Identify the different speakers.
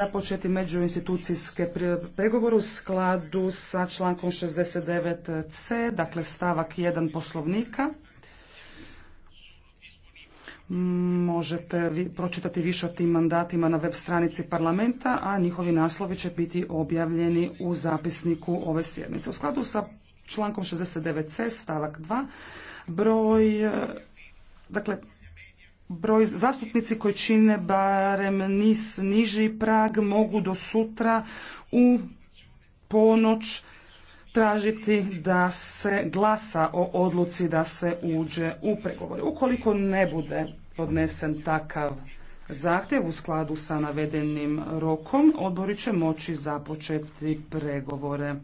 Speaker 1: započeti međuinstitucijske pregovore u skladu sa člankom 69c, dakle stavak 1 poslovnika. Možete vi pročitati više o tim mandatima na web stranici parlamenta, a njihovi naslovi će biti objavljeni u zapisniku ove sjednice. U skladu sa člankom 69c stavak 2 broj, e, dakle broj zastupnici koji čine barem niz niži prag mogu do sutra u ponoć tražiti da se glasa o odluci da se uđe u pregovore. Ukoliko ne bude podnesen takav zahtjev u skladu sa navedenim rokom, odbori će moći započeti pregovore.